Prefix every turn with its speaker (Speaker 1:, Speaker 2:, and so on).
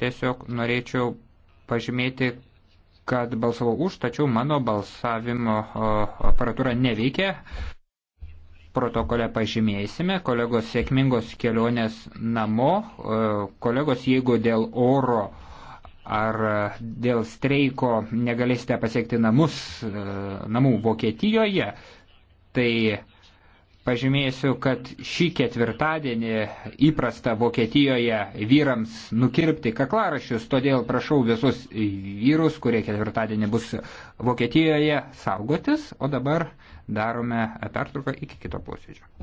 Speaker 1: tiesiog norėčiau pažymėti, kad balsavau už, tačiau mano balsavimo aparatūra neveikia. Protokole pažymėsime kolegos sėkmingos kelionės namo. Kolegos, jeigu dėl oro ar dėl streiko negalėsite pasiekti namus, e, namų Vokietijoje, tai Pažymėsiu, kad šį ketvirtadienį įprasta Vokietijoje vyrams nukirpti kaklarašius, todėl prašau visus vyrus, kurie ketvirtadienį bus Vokietijoje, saugotis, o dabar darome pertrauką iki kito posėdžio.